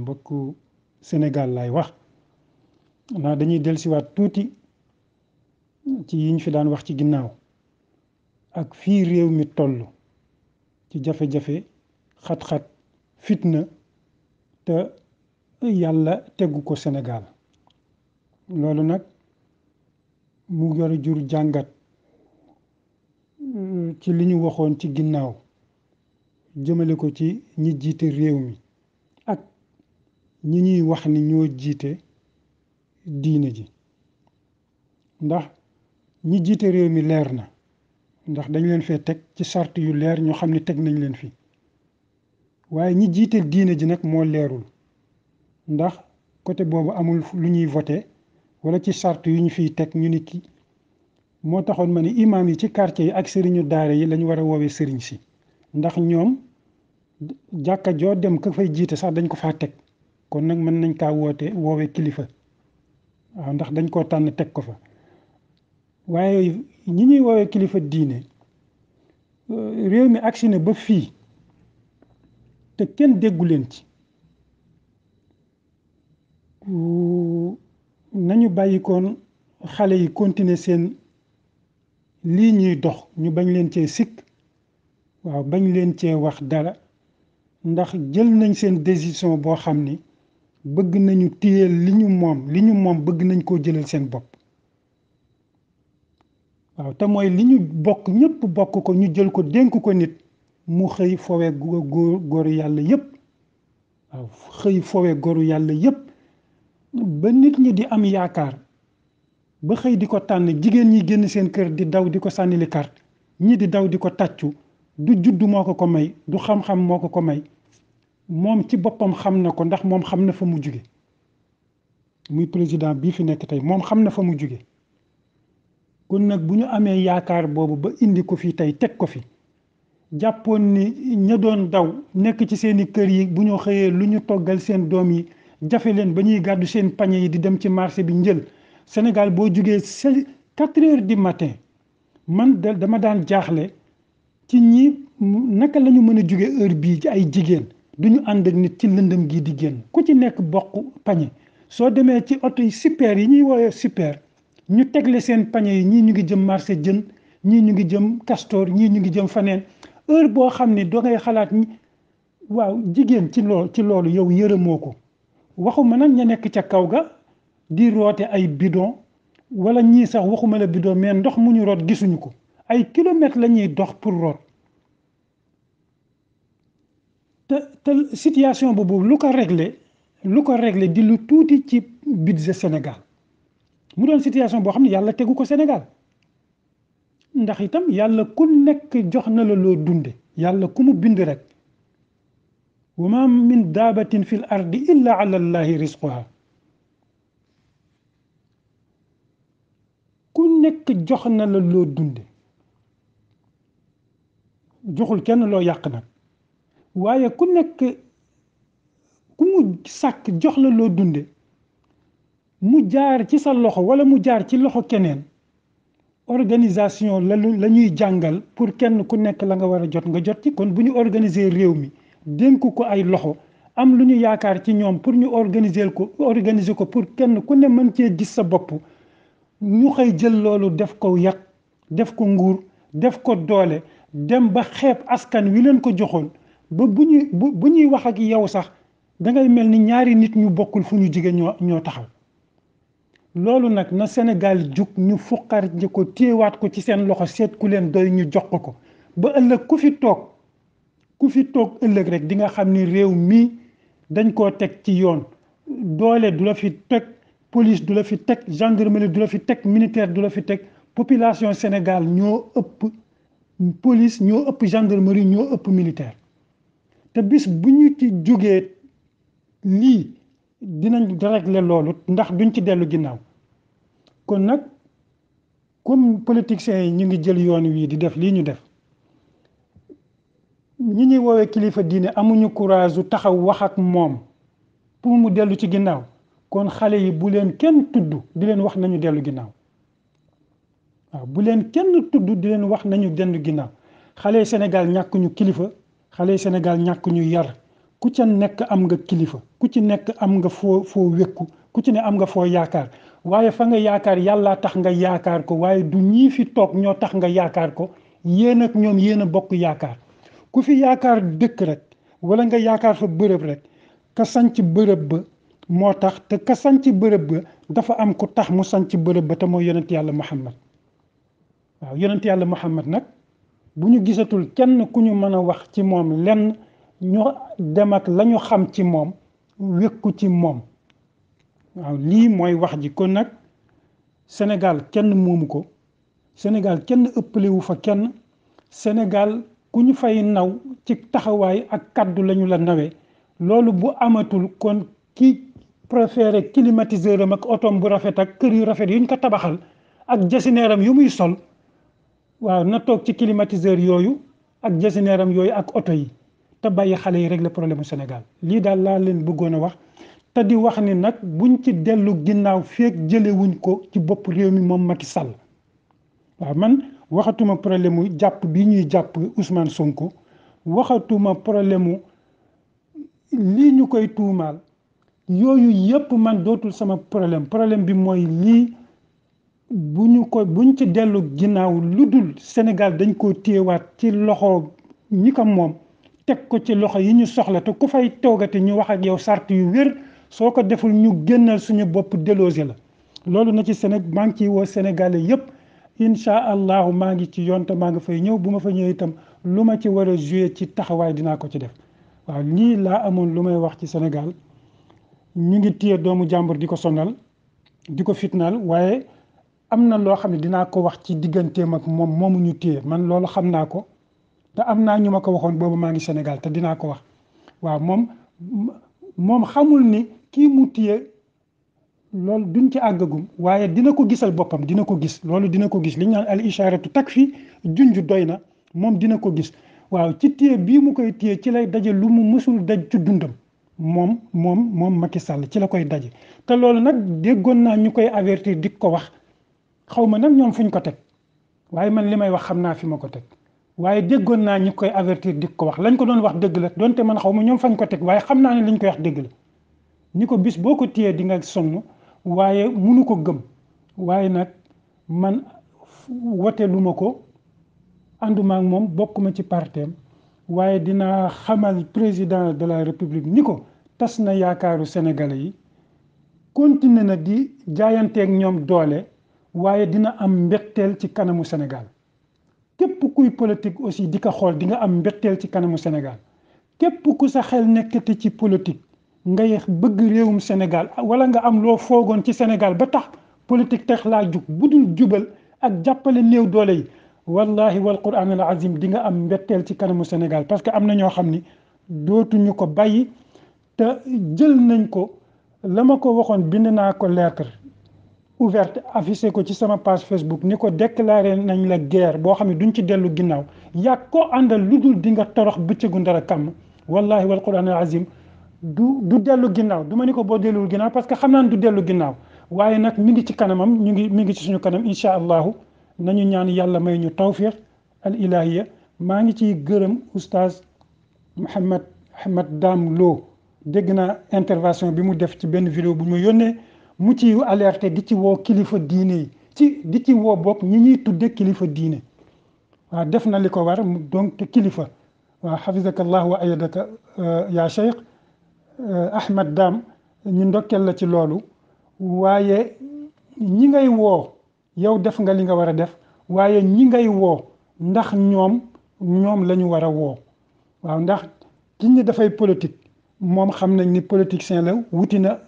mbokku Sénégal lay wax naa dañuy dellusiwaat tuuti ci yiñ fi daan wax ci ginnaaw ak fii réew mi tollu ci jafe-jafe xat-xat fitna te yàlla tegu ko Sénégal loolu nag mu war a jur jàngat ci li ñu waxoon ci ginnaaw jëmale ko ci ñi jiite réew mi ñi ñuy wax ni ñoo jiite diine ji ndax ñi jiite réew mi leer na ndax dañ leen fee teg ci sart yu leer ñoo xam ne teg nañ leen fi waaye ñi jiite diine ji nag moo leerul ndax côté boobu amul lu ñuy vote wala ci sart yu ñu fiy teg ñu nit ki moo taxoon ma ni imaam yi ci quartier yi ak sëriñu daara yi lañu war a woowee sëriñ si ndax ñoom jàkka joo dem ka fay jiite sax dañ ko faa teg kon nag mën nañ kaa woote woowee kilifa waaw ndax dañ koo tànn teg ko fa waaye ñi ñuy woowee kilifa diine euh, réew mi agsi na ba fii te kenn dégguleen ci nañu bàyyikoon xale yi continuer seen lii ñuy dox ñu bañ leen cee sikk waaw bañ leen cee wax dara ndax jël nañ seen décision boo xam ni bëgg nañu téyeel li ñu moom li ñu moom bëgg nañ koo jëlal seen bopp waaw te mooy li ñu bokk ñëpp bokk ko ñu jël ko dénk ko nit mu xëy fowe góor góoru yàlla yëpp waaw xëy fowe góoru yàlla yëpp ba nit ñi di am yaakaar ba xëy di ko tànn jigéen ñi génn seen kër di daw di ko sànnili carte ñi di daw di ko tàccu du juddu moo ko ko may du xam-xam moo ko ko may moom ci boppam xam na ko ndax moom xam na fa mu jóge muy président bii fi nekk tey moom xam na fa mu jóge kon nag bu ñu amee yaakaar boobu ba indi ko fii tey teg ko fi jàppoon ni ña doon daw nekk ci seeni kër yi bu ñu xëyee lu ñu toggal seen doom yi jafe leen ba ñuy gàddu seen pañe yi di dem ci marché bi njël Sénégal boo jógee sel quatre heures du matin man dama daan jaaxle ci ñi naka lañu ñu mën a jóge heure bii ci ay jigéen du ñu ànd ak nit ci lëndëm gii di génn ku ci nekk bokk pañe soo demee ci oto yi super yi ñuy woowee super ñu tegle seen pañe yi ñii ñu ngi jëm marché jën ñii ñu ngi jëm castor ñii ñu ngi jëm faneen heure boo xam ne doo xalaat waaw jigéen ci ci loolu yow yërëmoo ko waxuma nag ña nekk ca kaw ga di roote ay bidon wala ñii sax waxuma la bidon mais ndox mu ñu root gisuñu ko ay kilomètres la ñuy dox pour root te situation bobu lu ko régler lu ko régler di lu touti ci budget Sénégal mu doon situation bo xamni yàlla teggu ko Sénégal ndax itam yàlla ku nek jox na la lo dunde yàlla ku mu bind rek wa ma min daabatin fi l ardi illa ala llahi risquha ku nekk jox na la loo dunde joxul kenn loo yàq nag waaye ku nekk ku mu sàkk jox la loo dunde mu jaar ci sa loxo walla mu jaar ci loxo keneen organisation la la ñuy jàngal pour kenn ku nekk la nga war a jot nga jot ci kon bu ñu organiser réew mi dénk ko ay loxo am lu ñu yaakaar ci ñoom pour ñu organiser ko organiser ko pour kenn ku ne mën cee gis sa bopp ñu xëy jël loolu def ko yàq def ko nguur def ko doole dem ba xeeb askan wi leen ko joxoon ba bu ñuy bu bu ñuy wax ak yow sax dangay mel ni ñaari nit ñu bokkul fu ñu jige ñoo ñoo taxaw loolu nag na Sénégal jug ñu fuqar ñi ko téyewaat ko ci seen loxo seet ku leen doy ñu jox ko ba ëllëg ku fi toog ku fi toog ëllëg rek dinga xam ni réew mii dañ koo teg ci yoon doole du la fi teg police du la fi teg gendarmerie du la fi teg militaire du la fi teg population Sénégal ñoo ëpp police ñoo ëpp gendarmerie ñoo ëpp militaire te bis bu ñu ci jógee lii dinañ régler loolu ndax duñ ci dellu ginnaaw kon nag comme politiciens yi ñu ngi jël yoon wii di def lii ñu def ñi ñuy woowee kilifa diine amuñu courage su taxaw wax ak moom pour mu dellu ci ginnaaw kon xale yi bu leen kenn tudd di leen wax nañu dellu ginnaaw waaw bu leen kenn tudd di leen wax nañu dellu ginnaaw xale yi Sénégal ñàkkuñu kilifa xale senegal ñàkk ñu yar ku ca nekk am nga kilifa ku ci nekk am nga foo foo wékku ku ci ne am nga foo yaakaar waaye fa nga yaakaar yàllaa tax nga yaakaar ko waaye du ñii fi toog ñoo tax nga yaakaar ko yéen ak ñoom yéen a bokk yaakaar ku fi yaakaar dëkk rek wala nga yaakaar fa bërëb rek ka sanc bërëb ba moo tax te ka sanc bërëb ba dafa am ku tax mu sanc bërëb ba te mooy yonent yàlla Muhammad waaw yonent yàlla Muhammad nag bu ñu gisatul kenn ku ñu mën a wax ci moom lenn ñu dem ak la xam ci moom wékku ci moom waaw lii mooy wax ji kon nag Sénégal kenn moomu ko Sénégal kenn ëpplewu fa kenn Sénégal ku ñu fay naw ci taxawaay ak kàddu lañu la nawee loolu bu amatul kon ki préféré climatiseur am ak otoom bu rafet ak kër yu rafet yuñ ñu ko tabaxal ak jasineeram yu muy sol waaw na toog ci climatiseur yooyu ak jasineeram yooyu ak oto yi te bàyyi xale yi régler problème mu senegal lii daal laa leen bëggoon a wax te di wax ni nag buñ ci dellu ginnaaw feek jëlewuñ ko ci bopp réew mi moom Macky Sall waaw man waxatuma problème mu jàpp bi ñuy jàpp Ousmane Sonko waxatuma problème lii ñu koy tuumaal yooyu yëpp man dootul sama problème problème bi mooy lii bu ñu ko buñ ci dellu ginnaaw lu dul Sénégal dañ koo téyewaat ci loxo ñi ko moom teg ko ci loxo yi ñu soxla te ku fay toogate ñu wax ak yow yu wér soo ko deful ñu génnal suñu bopp délogé la loolu na ci Sénégal maa ngi ciy woo Sénégalais yëpp incha allahu maa ngi ci yoon te maa ngi fay ñëw bu ma fa ñëwee itam lu ma ci war a joué ci taxawaay dinaa ko ci def waaw lii laa amoon lu may wax ci Sénégal ñu ngi téye doomu jàmbur di ko sonal di ko fitnaal waaye am na loo xam ne dinaa ko wax ci digganteem ak moom moomu ñu téye man loolu xam naa ko te am naa ñu ma ko waxoon boobu maa ngi Sénégal te dinaa ko wax waaw moom moom xamul ni kii mu téye loolu duñ ci àggagum waaye dina ko gisal boppam dina ko gis loolu dina ko gis li ñu naan al isharatu takfi junj doy na moom dina ko gis waaw ci téye bii mu koy téye ci lay daje lu mu mësul daj ci moom moom moom Macky Sall ci la koy daje te loolu nag déggoon naa ñu koy avertir di ko wax. xaw ma nag ñoom ñu ko teg waaye man li may wax xam naa fi ma ko teg waaye déggoon naa ñi koy avertir di ko wax lañ ko doon wax dëgg la donte man xaw ma ñoom fañ ko teg waaye xam naa ne ñu koy wax dëgg la ñi ko bis boo ko téyee di nga sonn waaye munu ko gëm waaye nag man wote lu ma ko ànduma ak moom bokkuma ci parteem waaye dinaa xamal président de la république ni ko tas na yaakaaru sénégalais yi continuer na di jaayanteek ñoom doole waaye dina am mbetteel ci kanamu Sénégal képp kuy politique aussi di ko xool di nga am mbetteel ci kanamu Sénégal képp ku sa xel nekkati ci politique ngay bëgg réewum Sénégal wala nga am loo foogoon ci Sénégal ba tax politique tax laa jug bu dul jubal ak jàppale néew doole yi wallahi wal quran al azim di nga am mbetteel ci kanamu Sénégal parce que am na ñoo xam ni dootuñu ko bàyyi te jël nañ ko la ma ko waxoon bind naa ko lettre ouverte affiché ko ci sama page Facebook ni ko déclaré nañ la guerre boo xam ne duñ ci dellu ginnaaw yàgg ko àndal lu dul di nga torox bëccëgu ndara kàmm wallahi wal quran al azim du du dellu ginnaaw du ma ni ko boo delluwul ginnaaw parce que xam naa ne du dellu ginnaaw waaye nag mi ngi ci kanamam ñu ngi mi ngi ci suñu kanam incha allahu nañu ñaan yàlla may ñu tawfiq al ilahiya maa ngi ciy gërëm oustaz Mouhamed Ahmed Dame Lo dégg naa intervention bi mu def ci benn vidéo bu mu yónnee mu ci alerté di ci woo kilifa diine yi ci di ci woo bopp ñi ñuy tudde kilifa diine waaw def na li ko war donc kilifa waaw xafizakallahu wa ayadaka euh, yaa cheikh euh, ahmad dam ñu ndokkeel la ci loolu waaye ñi ngay woo yow def nga li nga war a def waaye ñi ngay woo ndax ñoom ñoom la ñu war a woo waaw ndax ki ñi dafay politique moom xam nañ ni politicien la wuti na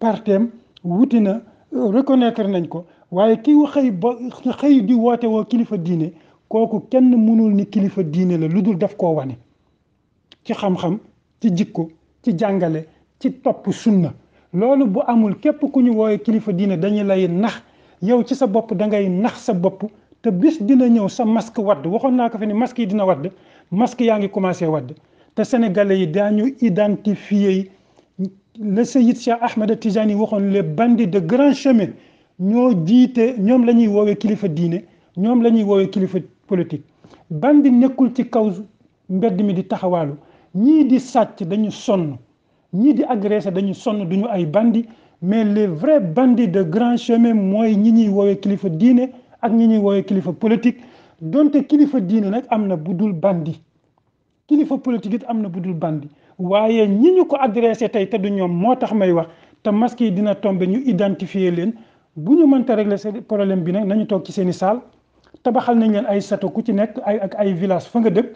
partem wuti na reconnaître nañ ko waaye ki xëy ba xëy di woote woo kilifa diine kooku kenn mënul ni kilifa diine la lu dul def ko wane ci xam-xam ci jikko ci jàngale ci topp sunna loolu bu amul képp ku ñu wooye kilifa diine dañu lay nax yow ci sa bopp da ngay nax sa bopp te bis dina ñëw sa masque wadd waxoon naa ko fi ni masque yi dina wadd masque yaa ngi commencé wadd te sénégalais yi daañu identifier le Seyid Cheikh Ahmed Tijani waxoon les bandits de grand chemin ñoo jiite ñoom la ñuy woowee kilifa diine ñoom la ñuy woowee kilifa politique bandi nekkul ci kaw mbedd mi di taxawaalu ñii di sàcc dañu sonn ñii di agressé dañu sonn duñu ay bandi mais les vrais bandits de grand chemin mooy ñi ñuy woowee kilifa diine ak ñi ñuy woowee kilifa politique donte kilifa diine nag am na bu dul bandi kilifa politique it am na bu dul bandi waaye ñi ñu ko adressé tey te du ñoom moo tax may wax te masque yi dina tombe ñu identifier leen bu ñu mënta régler seen problème bi nag nañu toog ci seen i saal tabaxal nañ leen ay sato ku ci nekk ay ak ay village fa nga dëkk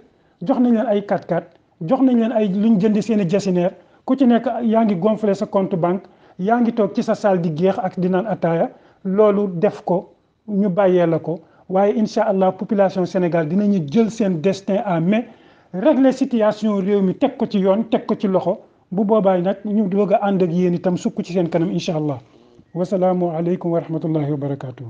jox nañ leen ay 4 x jox nañ leen ay luñ jënd seen i jasineer ku ci nekk yaa ngi gonfler sa compte banque yaa ngi toog ci sa saal di géex ak di naan ataaya loolu def ko ñu bàyyee la ko waaye incha allah population Sénégal dinañu jël seen destin en main régler situation réew mi teg ko ci yoon teg ko ci loxo bu boobaay nag ñu bëgg a ànd ak yéen itam sukk ci seen kanam incha allah wasalaamu aleykum wa rahmatullahi wa barakaatu.